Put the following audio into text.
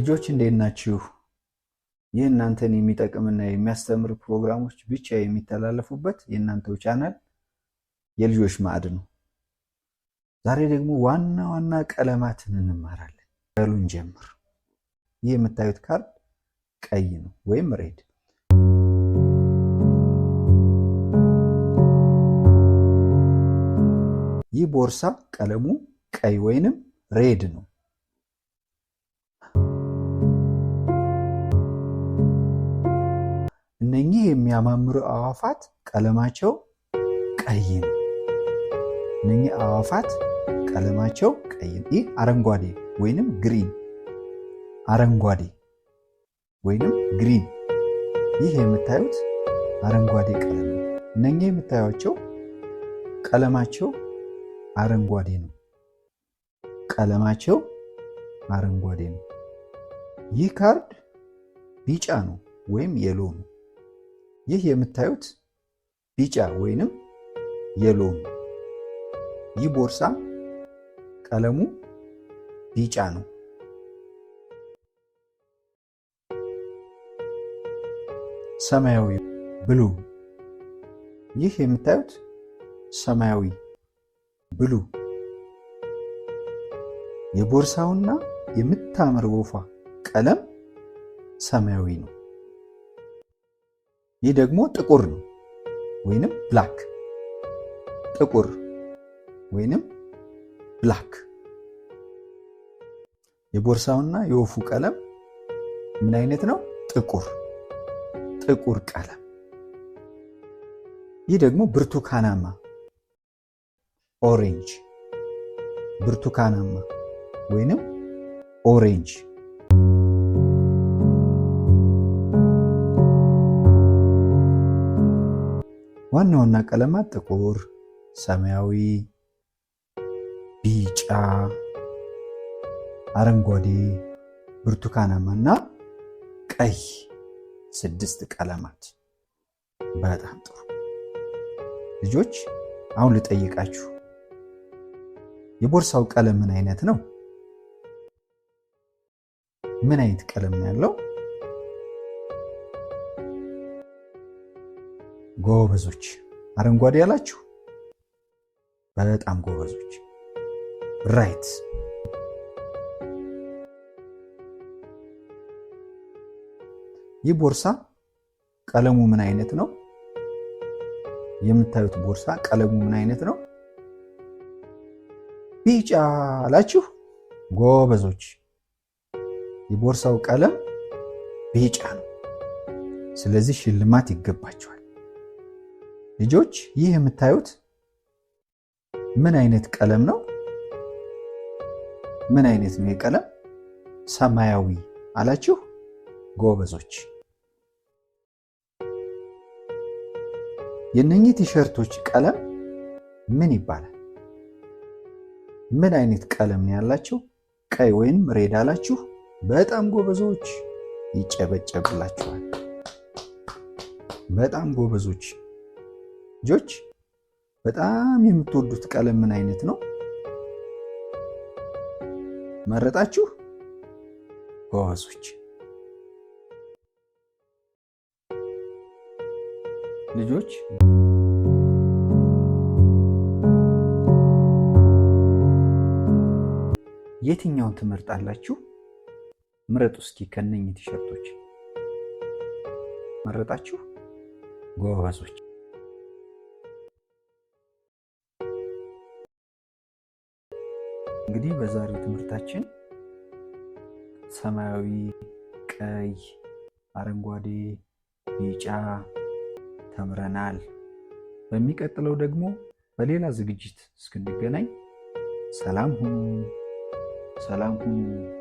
ልጆች እንዴት ናችሁ? ይህ እናንተን የሚጠቅምና የሚያስተምር ፕሮግራሞች ብቻ የሚተላለፉበት የእናንተው ቻናል የልጆች ማዕድ ነው። ዛሬ ደግሞ ዋና ዋና ቀለማትን እንማራለን። በሉን ጀምር። ይህ የምታዩት ካርድ ቀይ ነው ወይም ሬድ ይህ ቦርሳ ቀለሙ ቀይ ወይንም ሬድ ነው። የሚያማምሩ አዋፋት ቀለማቸው ቀይ ነው። እነኚህ አዋፋት ቀለማቸው ቀይ ነው። ይህ አረንጓዴ ወይንም ግሪን አረንጓዴ ወይንም ግሪን፣ ይህ የምታዩት አረንጓዴ ቀለም ነው። እነኚህ የምታዩቸው ቀለማቸው አረንጓዴ ነው። ቀለማቸው አረንጓዴ ነው። ይህ ካርድ ቢጫ ነው ወይም የሎ ነው። ይህ የምታዩት ቢጫ ወይንም የሎም ነው። ይህ ቦርሳ ቀለሙ ቢጫ ነው። ሰማያዊ ብሉ። ይህ የምታዩት ሰማያዊ ብሉ። የቦርሳውና የምታምር ወፏ ቀለም ሰማያዊ ነው። ይህ ደግሞ ጥቁር ነው ወይንም ብላክ። ጥቁር ወይንም ብላክ። የቦርሳውና የወፉ ቀለም ምን አይነት ነው? ጥቁር ጥቁር ቀለም። ይህ ደግሞ ብርቱካናማ ኦሬንጅ፣ ብርቱካናማ ወይንም ኦሬንጅ ዋና ዋና ቀለማት ጥቁር፣ ሰማያዊ፣ ቢጫ፣ አረንጓዴ፣ ብርቱካናማ እና ቀይ ስድስት ቀለማት። በጣም ጥሩ ልጆች፣ አሁን ልጠይቃችሁ፣ የቦርሳው ቀለም ምን አይነት ነው? ምን አይነት ቀለም ነው ያለው? ጎበዞች፣ አረንጓዴ ያላችሁ በጣም ጎበዞች። ራይት ይህ ቦርሳ ቀለሙ ምን አይነት ነው? የምታዩት ቦርሳ ቀለሙ ምን አይነት ነው? ቢጫ አላችሁ ጎበዞች። የቦርሳው ቀለም ቢጫ ነው። ስለዚህ ሽልማት ይገባቸዋል። ልጆች ይህ የምታዩት ምን አይነት ቀለም ነው? ምን አይነት ነው የቀለም? ሰማያዊ አላችሁ ጎበዞች። የነኚህ ቲሸርቶች ቀለም ምን ይባላል? ምን አይነት ቀለም ነው ያላችሁ? ቀይ ወይም ሬድ አላችሁ። በጣም ጎበዞች። ይጨበጨብላችኋል። በጣም ጎበዞች። ልጆች በጣም የምትወዱት ቀለም ምን አይነት ነው? መረጣችሁ? ጎበዞች። ልጆች የትኛውን ትመርጣላችሁ? ምረጡ እስኪ ከነኝ ቲሸርቶች መረጣችሁ? ጎበዞች። እንግዲህ በዛሬው ትምህርታችን ሰማያዊ፣ ቀይ፣ አረንጓዴ፣ ቢጫ ተምረናል። በሚቀጥለው ደግሞ በሌላ ዝግጅት እስክንገናኝ ሰላም ሁኑ። ሰላም ሁኑ።